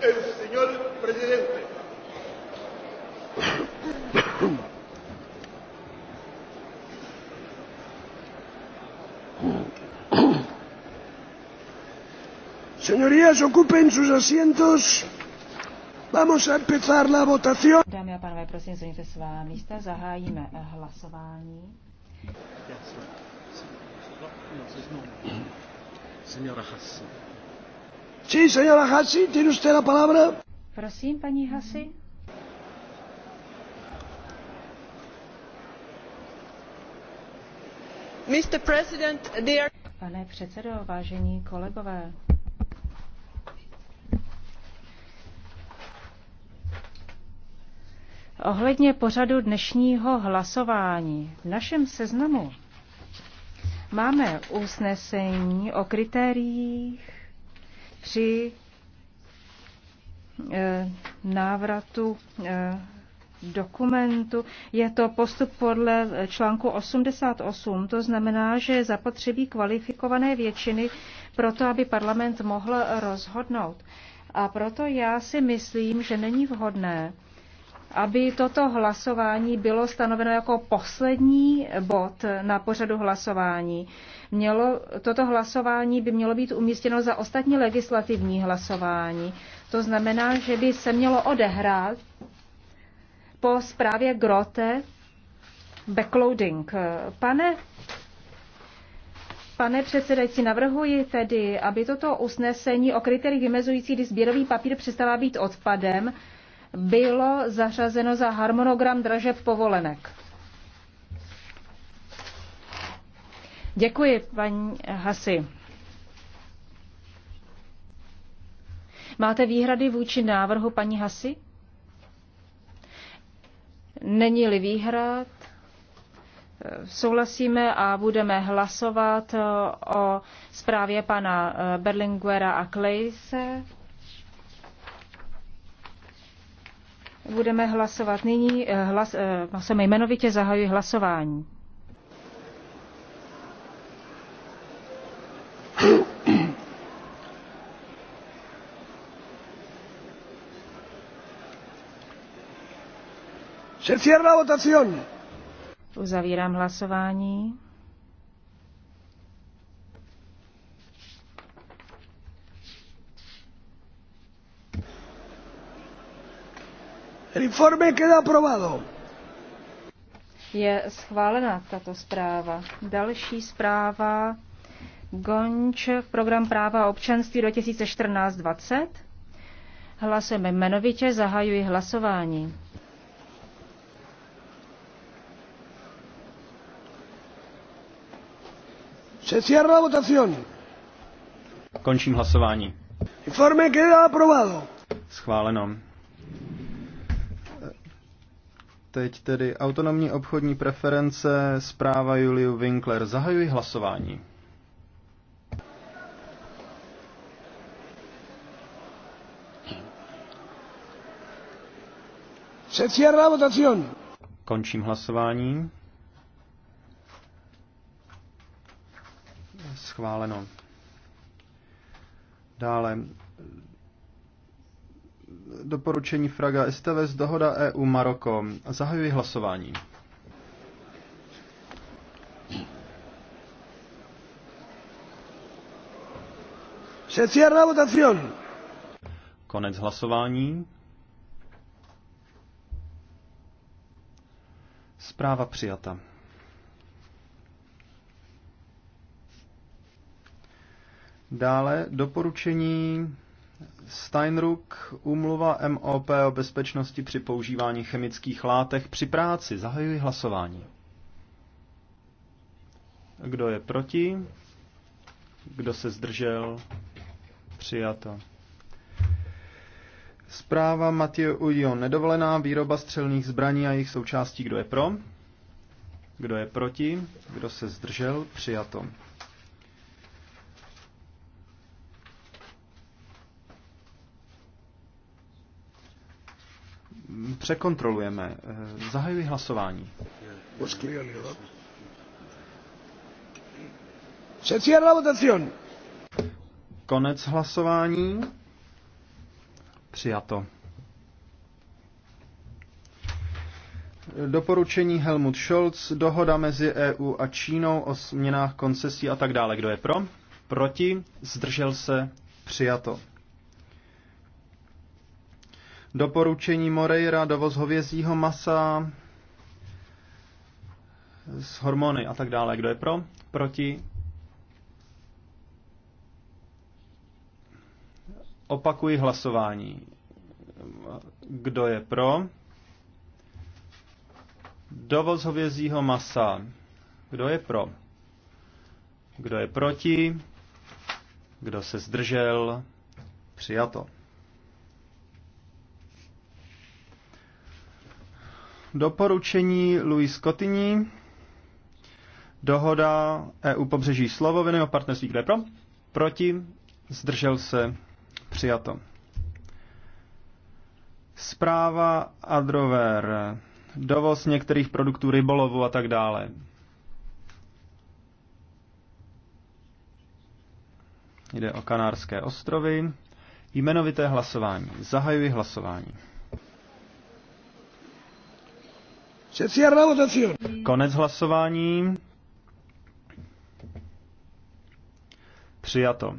El señor presidente. Señorías, ocupen sus asientos. Vamos a empezar la votación. Dámy a pánové, prosím, zajměte svá místa, zahájíme eh, hlasování. No, no, no, señora Hassan. Sí, señora Hassi, tiene usted la palabra. Prosím, paní Hassi. Mr. President, dear... Pane předsedo, vážení kolegové, Ohledně pořadu dnešního hlasování v našem seznamu máme usnesení o kritériích při eh, návratu eh, dokumentu. Je to postup podle článku 88, to znamená, že je zapotřebí kvalifikované většiny pro to, aby parlament mohl rozhodnout. A proto já si myslím, že není vhodné, aby toto hlasování bylo stanoveno jako poslední bod na pořadu hlasování. Mělo, toto hlasování by mělo být umístěno za ostatní legislativní hlasování. To znamená, že by se mělo odehrát po zprávě Grote backloading. Pane, pane předsedající, navrhuji tedy, aby toto usnesení o kritériích vymezující, kdy sběrový papír přestává být odpadem, bylo zařazeno za harmonogram dražeb povolenek. Děkuji, paní Hasi. Máte výhrady vůči návrhu paní Hasi? Není-li výhrad, souhlasíme a budeme hlasovat o zprávě pana Berlinguera a Klejse. Budeme hlasovat nyní, eh, hlas, hlasujeme eh, jmenovitě, zahajuji hlasování. Se cierra votación. Uzavírám hlasování. El informe queda aprobado. Je schválena tato zpráva. Další zpráva Gonč, program práva a občanství 2014-20. Hlasujeme jmenovitě, zahajuji hlasování. Se cierra la votación. Končím hlasování. Informe queda aprobado. Schváleno. Teď tedy autonomní obchodní preference, zpráva Juliu Winkler. Zahajuji hlasování. Končím hlasování. Schváleno. Dále doporučení Fraga z dohoda EU Maroko. Zahajuji hlasování. Se cierra votación. Konec hlasování. Zpráva přijata. Dále doporučení Steinruck, umluva MOP o bezpečnosti při používání chemických látek při práci. Zahajuji hlasování. Kdo je proti? Kdo se zdržel? Přijato. Zpráva Matěj Ujo. Nedovolená výroba střelných zbraní a jejich součástí. Kdo je pro? Kdo je proti? Kdo se zdržel? Přijato. Překontrolujeme. Eh, zahajuji hlasování. Konec hlasování. Přijato. Doporučení Helmut Scholz, dohoda mezi EU a Čínou o změnách koncesí a tak dále. Kdo je pro? Proti? Zdržel se? Přijato. Doporučení Moreira, dovoz hovězího masa s hormony a tak dále. Kdo je pro? Proti? Opakuji hlasování. Kdo je pro? Dovoz hovězího masa. Kdo je pro? Kdo je proti? Kdo se zdržel? Přijato. Doporučení Louis Cotiní. Dohoda EU pobřeží Slovoviny o partnerství. kde pro? Proti? Zdržel se? Přijato. Zpráva Adrover. Dovoz některých produktů rybolovu a tak dále. Jde o Kanárské ostrovy. Jmenovité hlasování. Zahajuji hlasování. Konec hlasování. Přijato.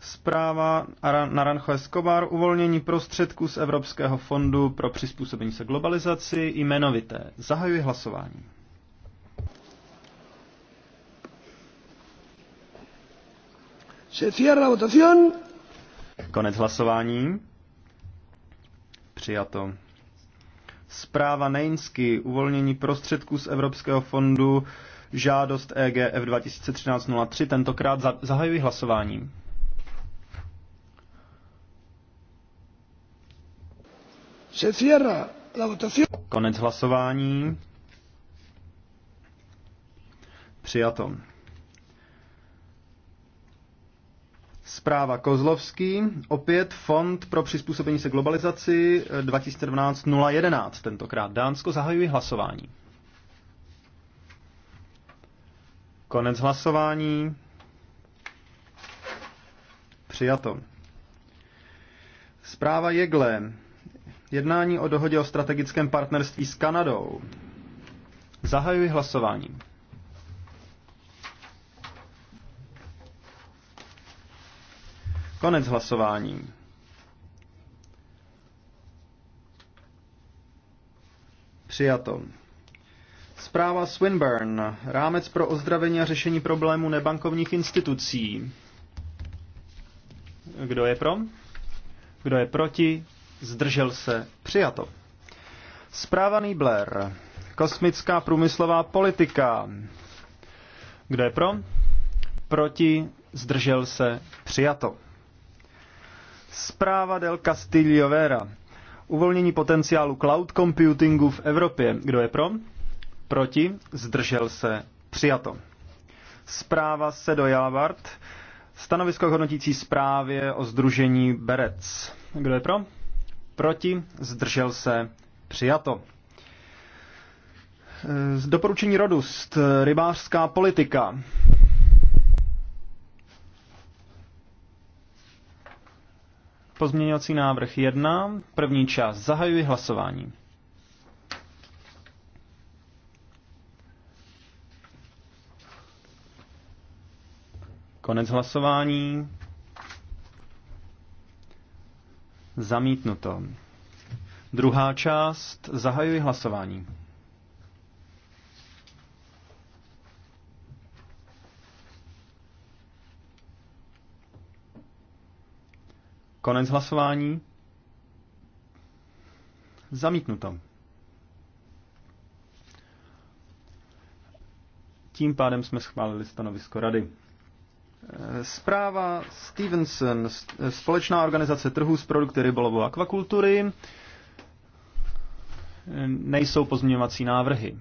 Zpráva Naranjo Escobar uvolnění prostředků z Evropského fondu pro přizpůsobení se globalizaci jmenovité. Zahajuji hlasování. Se cierra votación. Konec hlasování. Přijato. Zpráva Nejnsky, uvolnění prostředků z Evropského fondu, žádost EGF 2013-03, tentokrát zahajuji hlasování. Se cierra la votación. Konec hlasování. Přijato. Zpráva Kozlovský, opět Fond pro přizpůsobení se globalizaci 2012-011, eh, tentokrát Dánsko, zahajuje hlasování. Konec hlasování. Přijato. Zpráva Jegle. Jednání o dohodě o strategickém partnerství s Kanadou. Zahajuji hlasování. Konec hlasování. Přijato. Zpráva Swinburne. Rámec pro ozdravení a řešení problémů nebankovních institucí. Kdo je pro? Kdo je proti? Zdržel se. Přijato. Zpráva Blair. Kosmická průmyslová politika. Kdo je pro? Proti? Zdržel se. Přijato. Zpráva del Castillo Vera. Uvolnění potenciálu cloud computingu v Evropě. Kdo je pro? Proti? Zdržel se? Přijato. Zpráva do Jalavard. Stanovisko hodnotící zprávě o združení Berec. Kdo je pro? Proti? Zdržel se? Přijato. E, doporučení Rodust. Rybářská politika. Pozměňovací návrh 1, první část. Zahajuji hlasování. Konec hlasování. Zamítnuto. Druhá část. Zahajuji hlasování. Konec hlasování. Zamítnuto. Tím pádem jsme schválili stanovisko rady. Eh, zpráva Stevenson, eh, společná organizace trhů s produkty rybolovu a akvakultury. Eh, nejsou pozměňovací návrhy.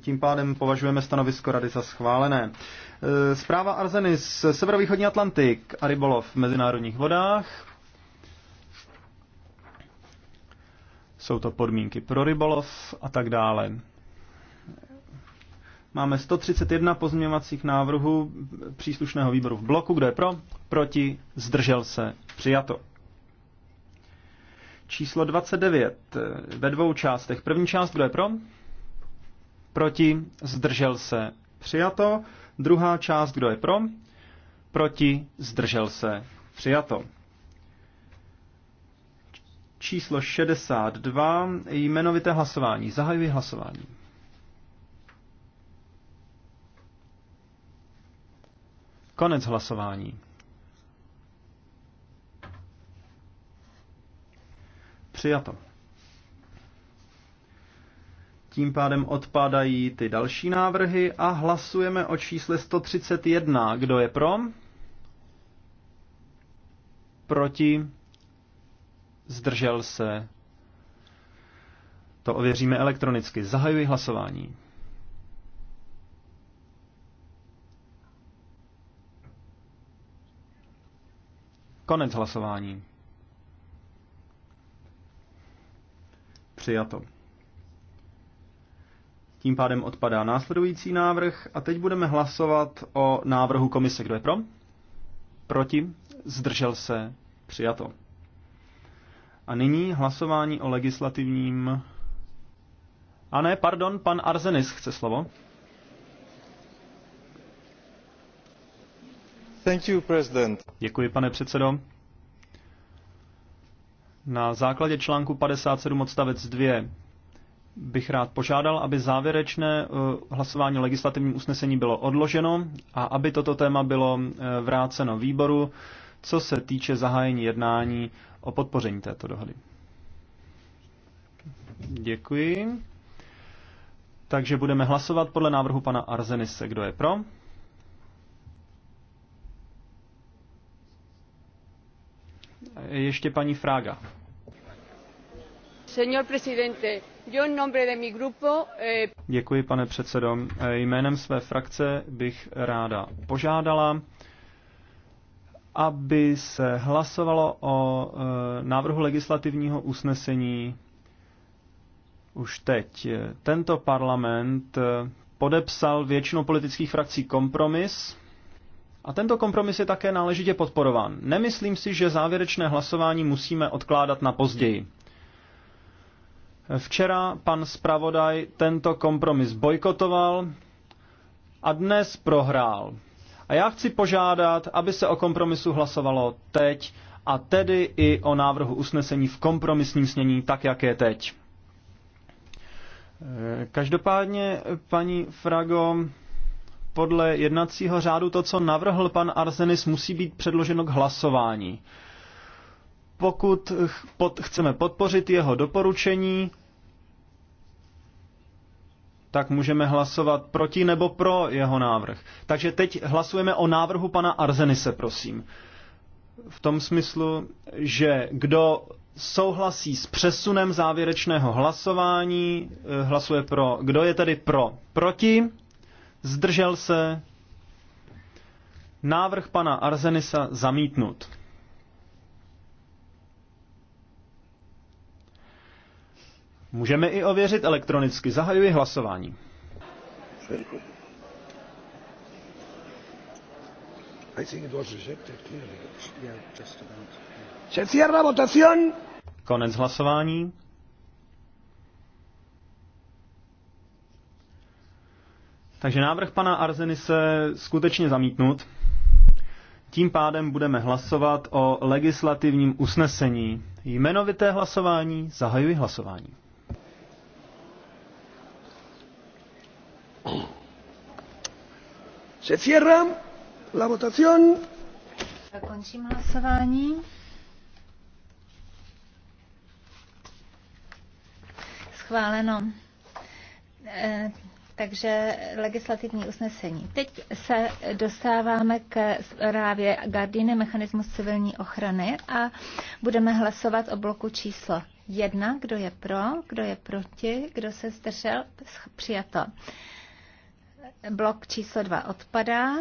Tím pádem považujeme stanovisko rady za schválené. Eh, zpráva Arzeny z severovýchodní Atlantik a rybolov v mezinárodních vodách. Jsou to podmínky pro rybolov a tak dále. Máme 131 pozměňovacích návrhů příslušného výboru v bloku. Kdo je pro? Proti? Zdržel se? Přijato. Číslo 29 eh, ve dvou částech. První část, kdo je pro? Proti? Zdržel se? Přijato. Druhá část, kdo je pro? Proti, zdržel se, přijato. Číslo 62, jmenovité hlasování. Zahajuji hlasování. Konec hlasování. Přijato. Tím pádem odpadají ty další návrhy a hlasujeme o čísle 131. Kdo je pro? Proti? Zdržel se? To ověříme elektronicky. Zahajuji hlasování. Konec hlasování. Přijato. Tím pádem odpadá následující návrh a teď budeme hlasovat o návrhu komise. Kdo je pro? Proti? Zdržel se? Přijato. A nyní hlasování o legislativním... A ne, pardon, pan Arzenis chce slovo. Thank you, president. Děkuji, pane předsedo. Na základě článku 57 odstavec 2 bych rád požádal, aby závěrečné eh, hlasování o legislativním usnesení bylo odloženo a aby toto téma bylo eh, vráceno výboru, co se týče zahájení jednání o podpoření této dohody. Děkuji. Takže budeme hlasovat podle návrhu pana Arzenise. Kdo je pro? Ještě paní Frága. Señor presidente, Eh, Děkuji, pane předsedo. Eh, jménem své frakce bych ráda požádala, aby se hlasovalo o eh, návrhu legislativního usnesení už teď. Tento parlament podepsal většinou politických frakcí kompromis, a tento kompromis je také náležitě podporován. Nemyslím si, že závěrečné hlasování musíme odkládat na později. Včera pan zpravodaj tento kompromis bojkotoval a dnes prohrál. A já chci požádat, aby se o kompromisu hlasovalo teď a tedy i o návrhu usnesení v kompromisním snění, tak jak je teď. Eh, každopádně, paní Frago, podle jednacího řádu to, co navrhl pan Arzenis, musí být předloženo k hlasování pokud pod, chceme podpořit jeho doporučení, tak můžeme hlasovat proti nebo pro jeho návrh. Takže teď hlasujeme o návrhu pana Arzenise, prosím. V tom smyslu, že kdo souhlasí s přesunem závěrečného hlasování, eh, hlasuje pro. Kdo je tedy pro? Proti? Zdržel se? Návrh pana Arzenisa zamítnut. Můžeme i ověřit elektronicky. Zahajuji hlasování. Se cierra votación. Konec hlasování. Takže návrh pana Arzeny se skutečně zamítnut. Tím pádem budeme hlasovat o legislativním usnesení. Jmenovité hlasování zahajuji hlasování. Se la votación. Končím hlasování. Schváleno. E, takže legislativní usnesení. Teď se dostáváme k právě Gardiny mechanismus civilní ochrany a budeme hlasovat o bloku číslo jedna. Kdo je pro, kdo je proti, kdo se zdržel, přijato blok číslo 2 odpadá.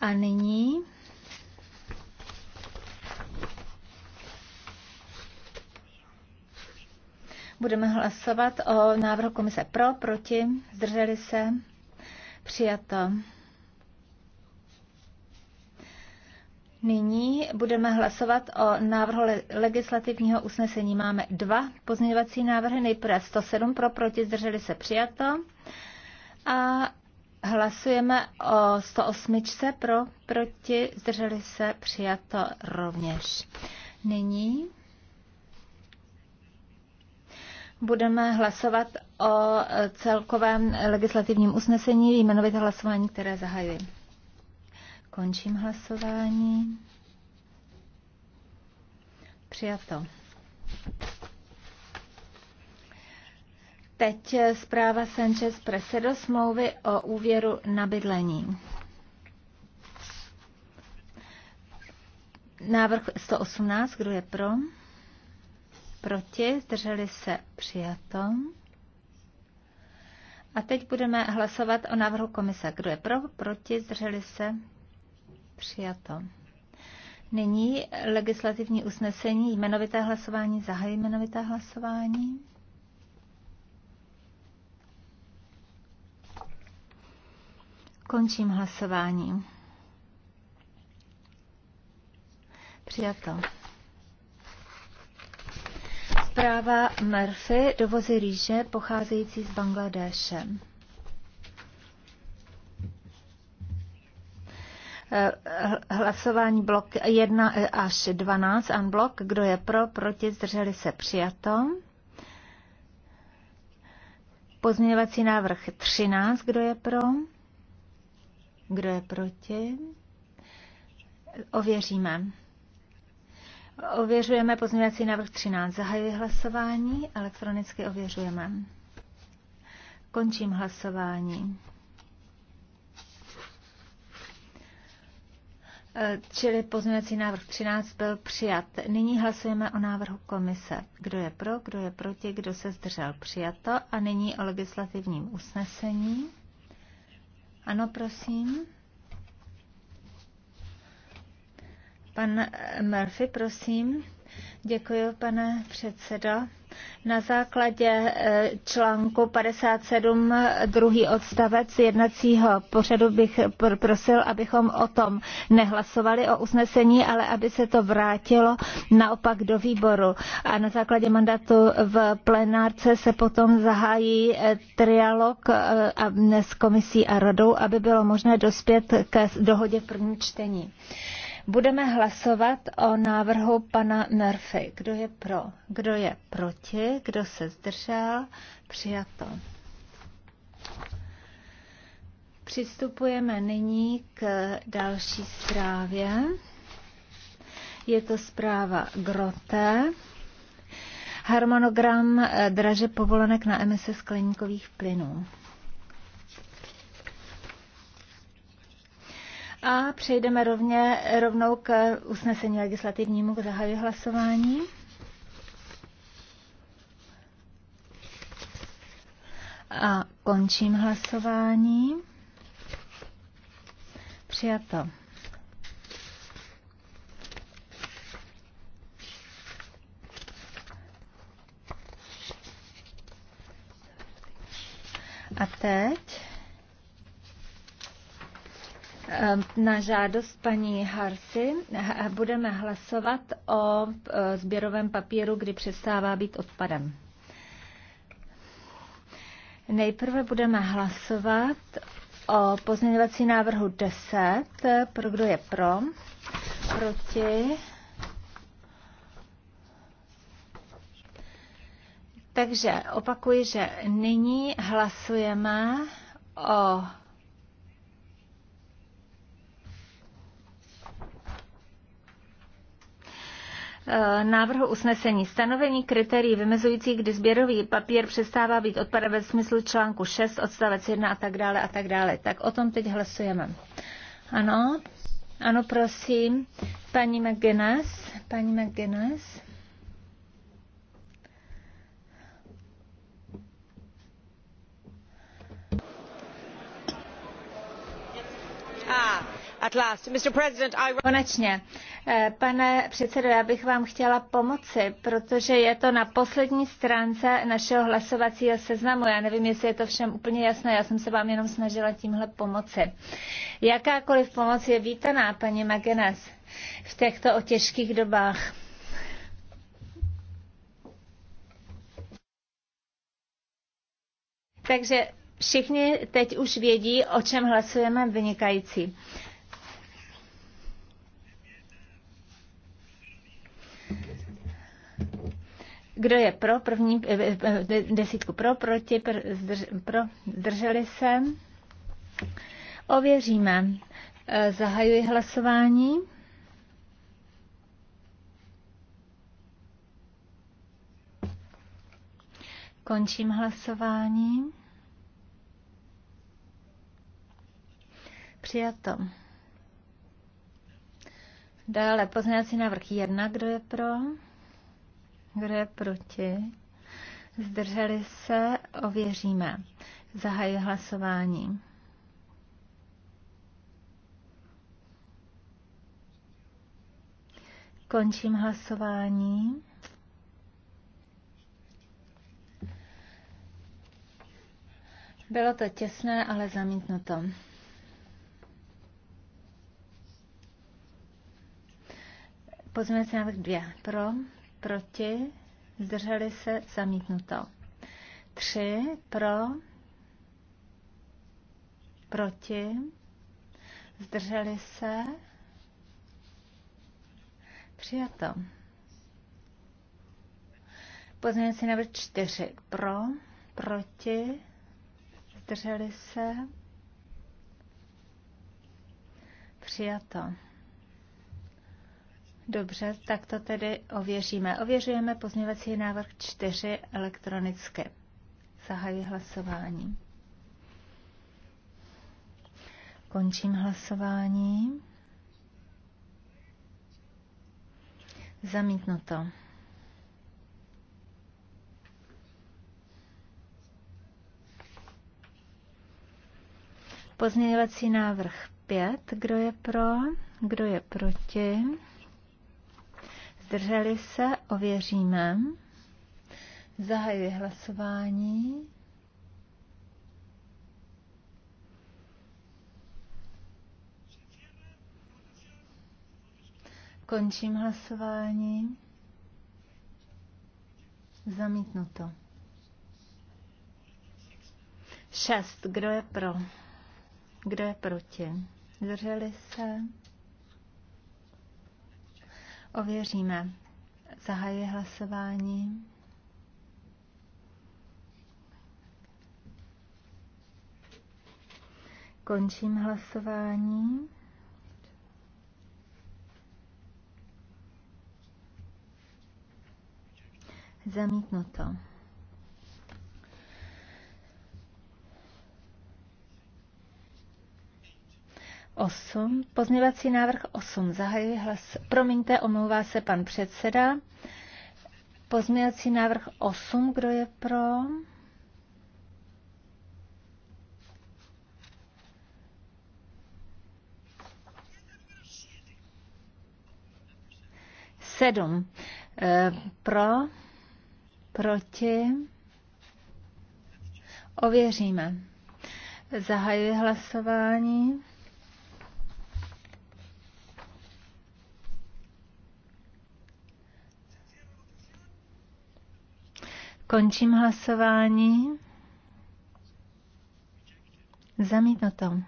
A nyní budeme hlasovat o návrhu komise pro, proti, zdrželi se, přijato. Nyní budeme hlasovat o návrhu legislativního usnesení. Máme dva pozměňovací návrhy, nejprve 107 pro, proti, zdrželi se, přijato. A Hlasujeme o 108. pro, proti, zdrželi se, přijato rovněž. Nyní budeme hlasovat o celkovém legislativním usnesení, jmenovité hlasování, které zahajuji. Končím hlasování. Přijato. Teď zpráva Sanchez do smlouvy o úvěru na bydlení. Návrh 118, kdo je pro? Proti, zdrželi se přijato. A teď budeme hlasovat o návrhu komise. Kdo je pro? Proti, zdrželi se přijato. Nyní legislativní usnesení, jmenovité hlasování, zahají jmenovité hlasování. Končím hlasování. Přijato. Zpráva Murphy dovozy rýže pocházející z Bangladéše. Eh, hlasování blok 1 eh, až 12 unblock. Kdo je pro, proti, zdrželi se přijato. Pozměňovací návrh 13. Kdo je pro? Kdo je proti? Ověříme. Ověřujeme pozměňovací návrh 13. Zahajuji hlasování, elektronicky ověřujeme. Končím hlasování. Čili pozměňovací návrh 13 byl přijat. Nyní hlasujeme o návrhu komise. Kdo je pro, kdo je proti, kdo se zdržel přijato. A nyní o legislativním usnesení. Ano, prosím. Pan Murphy, prosím. Děkuji, pane předsedo. Na základě eh, článku 57 druhý odstavec jednacího pořadu bych prosil, abychom o tom nehlasovali o usnesení, ale aby se to vrátilo naopak do výboru. A na základě mandatu v plenárce se potom zahájí eh, trialog eh, s komisí a radou, aby bylo možné dospět k dohodě v prvním čtení. Budeme hlasovat o návrhu pana Murphy. Kdo je pro? Kdo je proti? Kdo se zdržel? Přijato. Přistupujeme nyní k další zprávě. Je to zpráva Grote. Harmonogram eh, draže povolenek na emise skleníkových plynů. A přejdeme rovně, rovnou k usnesení legislativnímu, k zahajuji hlasování. A končím hlasování. Přijato. A teď Na žádost paní Harsy budeme hlasovat o e, sběrovém papíru, kdy přestává být odpadem. Nejprve budeme hlasovat o pozměňovací návrhu 10. Pro kdo je pro? Proti? Takže opakuji, že nyní hlasujeme o Eh, návrhu usnesení. Stanovení kritérií vymezujících, kdy sběrový papír přestává být odpadem ve smyslu článku 6, odstavec 1 a tak dále a tak dále. Tak o tom teď hlasujeme. Ano, ano, prosím. Paní McGuinness, paní McGuinness. Ah. Konečně, eh, pane předsedo, já bych vám chtěla pomoci, protože je to na poslední stránce našeho hlasovacího seznamu. Já nevím, jestli je to všem úplně jasné, já jsem se vám jenom snažila tímhle pomoci. Jakákoliv pomoc je vítaná, paní Magenes, v těchto těžkých dobách. Takže všichni teď už vědí, o čem hlasujeme vynikající. Kdo je pro první, eh, eh, eh, desítku pro, proti, pro, drželi se. Ověříme. Zahajuji hlasování. Končím hlasování. Přijato. Dále pozměňovací návrh 1, kdo je pro? Kdo je proti? Zdrželi se? Ověříme. Zahajuji hlasování. Končím hlasování. Bylo to těsné, ale zamítnuto. Pozměňovací návrh dvě. Pro, proti, zdrželi se, zamítnuto. Tři pro, proti, zdrželi se, přijato. Pozměňovací návrh čtyři. pro, proti, zdrželi se, přijato. Dobře, tak to tedy ověříme. Ověřujeme pozměvací návrh 4 elektronicky. Zahajuji hlasování. Končím hlasování. Zamítnuto. Pozměňovací návrh 5. Kdo je pro? Kdo je proti? zdrželi se, ověříme. Zahajuji hlasování. Končím hlasování. Zamítnuto. Šest. Kdo je pro? Kdo je proti? Zdrželi se? Ověříme. Zahajuji hlasování. Končím hlasování. Zamítnuto. 8. Pozměvací návrh 8. Zahajuji hlas. Promiňte, omlouvá se pan předseda. Pozměvací návrh 8. Kdo je pro? Sedm. E, pro? Proti? Ověříme. Zahajuji hlasování. Končím hlasování. Zamítnuto.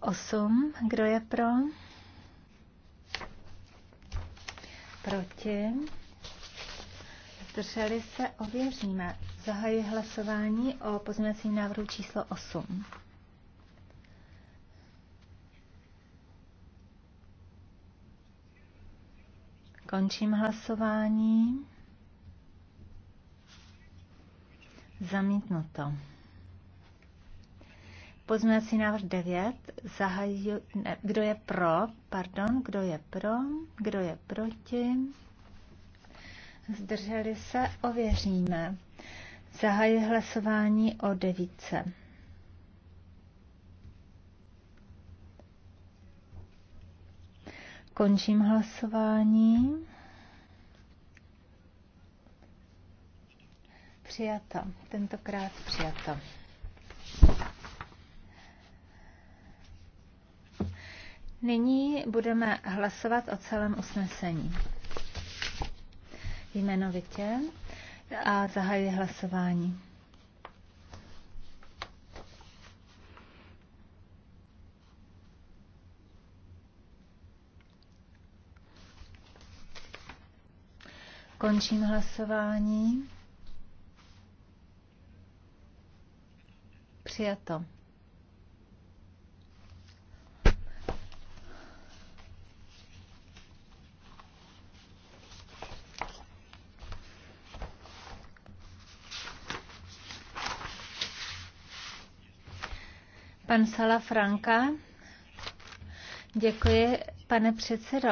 Osm. Kdo je pro? Proti? Zdrželi se? Ověříme. Zahajuji hlasování o pozměňovacím návrhu číslo 8. Končím hlasování. Zamítnuto. Pozměňovací návrh 9. Zahaju, ne, kdo je pro? Pardon, kdo je pro? Kdo je proti? Zdrželi se? Ověříme. Zahajuji hlasování o devítce. Končím hlasování. Přijata. Tentokrát přijata. Nyní budeme hlasovat o celém usnesení. Jmenovitě a zahajuji hlasování. Končím hlasování. Přijato. Pan Sala Franka. Děkuji, pane předsedo.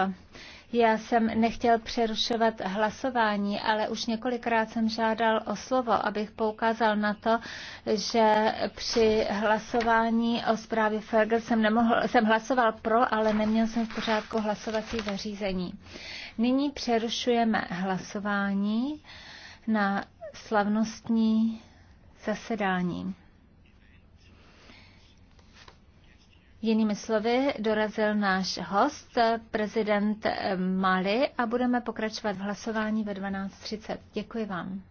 Já jsem nechtěl přerušovat hlasování, ale už několikrát jsem žádal o slovo, abych poukázal na to, že při hlasování o zprávě Fergel jsem, nemohl, jsem hlasoval pro, ale neměl jsem v pořádku hlasovací zařízení. Nyní přerušujeme hlasování na slavnostní zasedání. Jinými slovy, dorazil náš host, prezident Mali, a budeme pokračovat v hlasování ve 12.30. Děkuji vám.